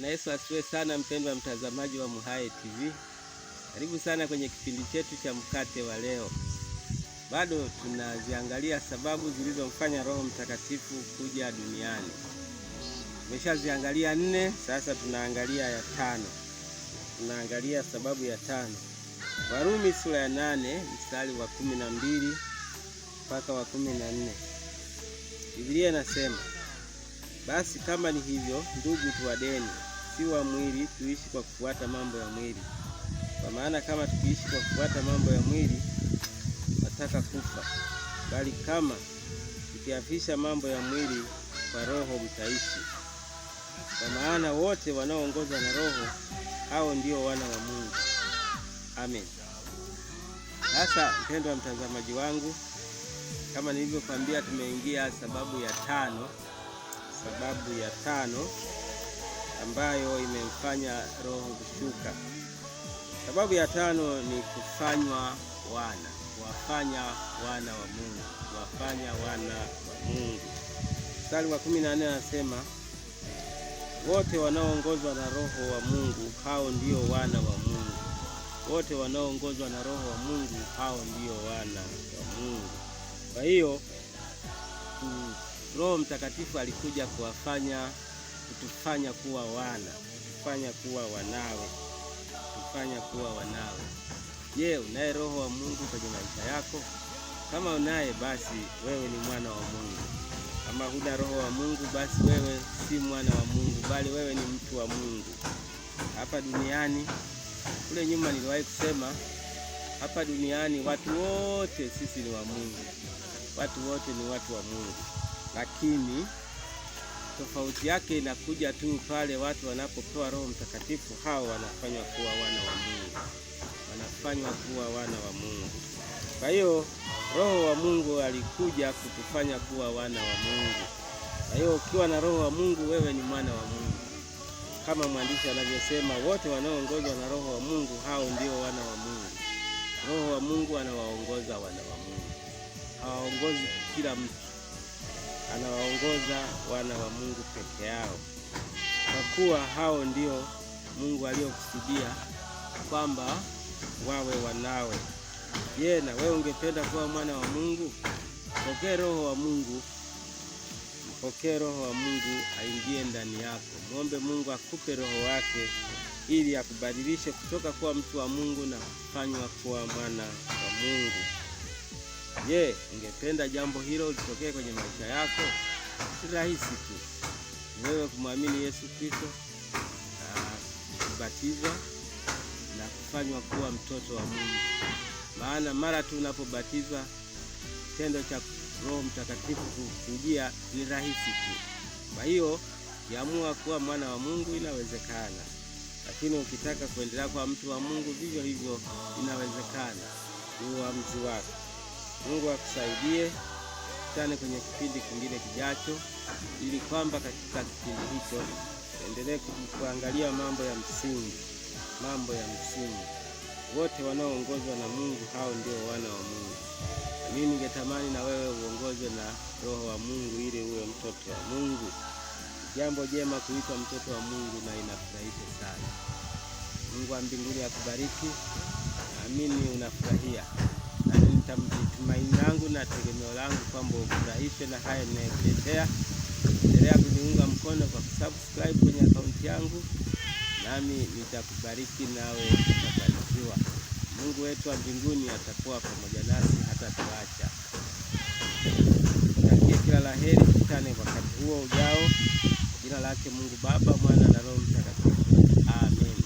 Bwana Yesu asiwe sana, mpendwa mtazamaji wa MHAE TV, karibu sana kwenye kipindi chetu cha mkate wa leo. Bado tunaziangalia sababu zilizomfanya Roho Mtakatifu kuja duniani. Tumeshaziangalia nne, sasa tunaangalia ya tano. Tunaangalia sababu ya tano, Warumi sura ya nane mstari wa kumi na mbili mpaka wa kumi na nne. Biblia inasema basi kama ni hivyo, ndugu, tuwadeni si wa mwili, tuishi kwa kufuata mambo ya mwili, kwa maana kama tukiishi kwa kufuata mambo ya mwili tunataka kufa, bali kama tukiafisha mambo ya mwili kwa Roho mtaishi. Kwa maana wote wanaoongozwa na Roho hao ndio wana wa Mungu. Amen. Sasa mpendwa mtazamaji wangu, kama nilivyokwambia, tumeingia sababu ya tano, sababu ya tano ambayo imemfanya roho kushuka. Sababu ya tano ni kufanywa wana, wafanya wana wa Mungu, wafanya wana wa Mungu. Mstari wa kumi anasema wote wanaoongozwa na roho wa Mungu hao ndio wana wa Mungu. Wote wanaoongozwa na roho wa Mungu hao ndio wana wa Mungu. Kwa hiyo Roho Mtakatifu alikuja kuwafanya kutufanya kuwa wana, kutufanya kuwa wanawe, kutufanya kuwa wanawe. Je, unaye roho wa Mungu kwenye maisha yako? Kama unaye, basi wewe ni mwana wa Mungu. Kama huna roho wa Mungu, basi wewe si mwana wa Mungu, bali wewe ni mtu wa Mungu hapa duniani. Kule nyuma niliwahi kusema hapa duniani watu wote sisi ni wa Mungu, watu wote ni watu wa Mungu, lakini Tofauti yake inakuja tu pale watu wanapopewa Roho Mtakatifu, hao wanafanywa kuwa wana wa Mungu, wanafanywa kuwa wana wa Mungu. Kwa hiyo Roho wa Mungu alikuja kutufanya kuwa wana wa Mungu. Kwa hiyo ukiwa na Roho wa Mungu, wewe ni mwana wa Mungu, kama mwandishi anavyosema, wote wanaoongozwa na Roho wa Mungu hao ndio wana wa Mungu. Roho wa Mungu anawaongoza wana wa Mungu, hawaongozi kila mtu anawaongoza wana wa Mungu peke yao, kwa kuwa hao ndio Mungu aliyokusudia kwamba wawe wanawe. Je, na wewe ungependa kuwa mwana wa Mungu? Mpokee Roho wa Mungu, mpokee Roho wa Mungu aingie ndani yako. Mwombe Mungu akupe Roho wake ili akubadilishe kutoka kuwa mtu wa Mungu na kufanywa kuwa mwana wa Mungu. Je, ingependa jambo hilo litokee kwenye maisha yako? Ni rahisi tu wewe kumwamini Yesu Kristo kubatizwa na kufanywa kuwa mtoto wa Mungu. Maana mara tu unapobatizwa, kitendo cha Roho Mtakatifu kukujia ni rahisi tu. Kwa hiyo kiamua kuwa mwana wa Mungu inawezekana, lakini ukitaka kuendelea kuwa mtu wa Mungu, vivyo hivyo inawezekana. Ni uamuzi wako. Mungu akusaidie tane kwenye kipindi kingine kijacho, ili kwamba katika kipindi hicho endelee kuangalia mambo ya msingi, mambo ya msingi. Wote wanaoongozwa na Mungu hao ndio wana wa Mungu. Mimi ningetamani na wewe uongozwe na Roho wa Mungu ili uwe mtoto wa Mungu. Jambo jema kuitwa mtoto wa Mungu na inafurahisha sana. Mungu wa mbinguni akubariki. Amini unafurahia tumaini langu na tegemeo langu kwamba ufurahishwe na haya ninayokuletea. Endelea kuniunga mkono kwa kusubscribe kwenye akaunti yangu, nami nitakubariki nawe utabarikiwa. Mungu wetu wa mbinguni atakuwa pamoja nasi hata tuacha. Takie kila la heri, tukutane wakati huo ujao. Jina lake Mungu Baba, Mwana na Roho Mtakatifu, amen.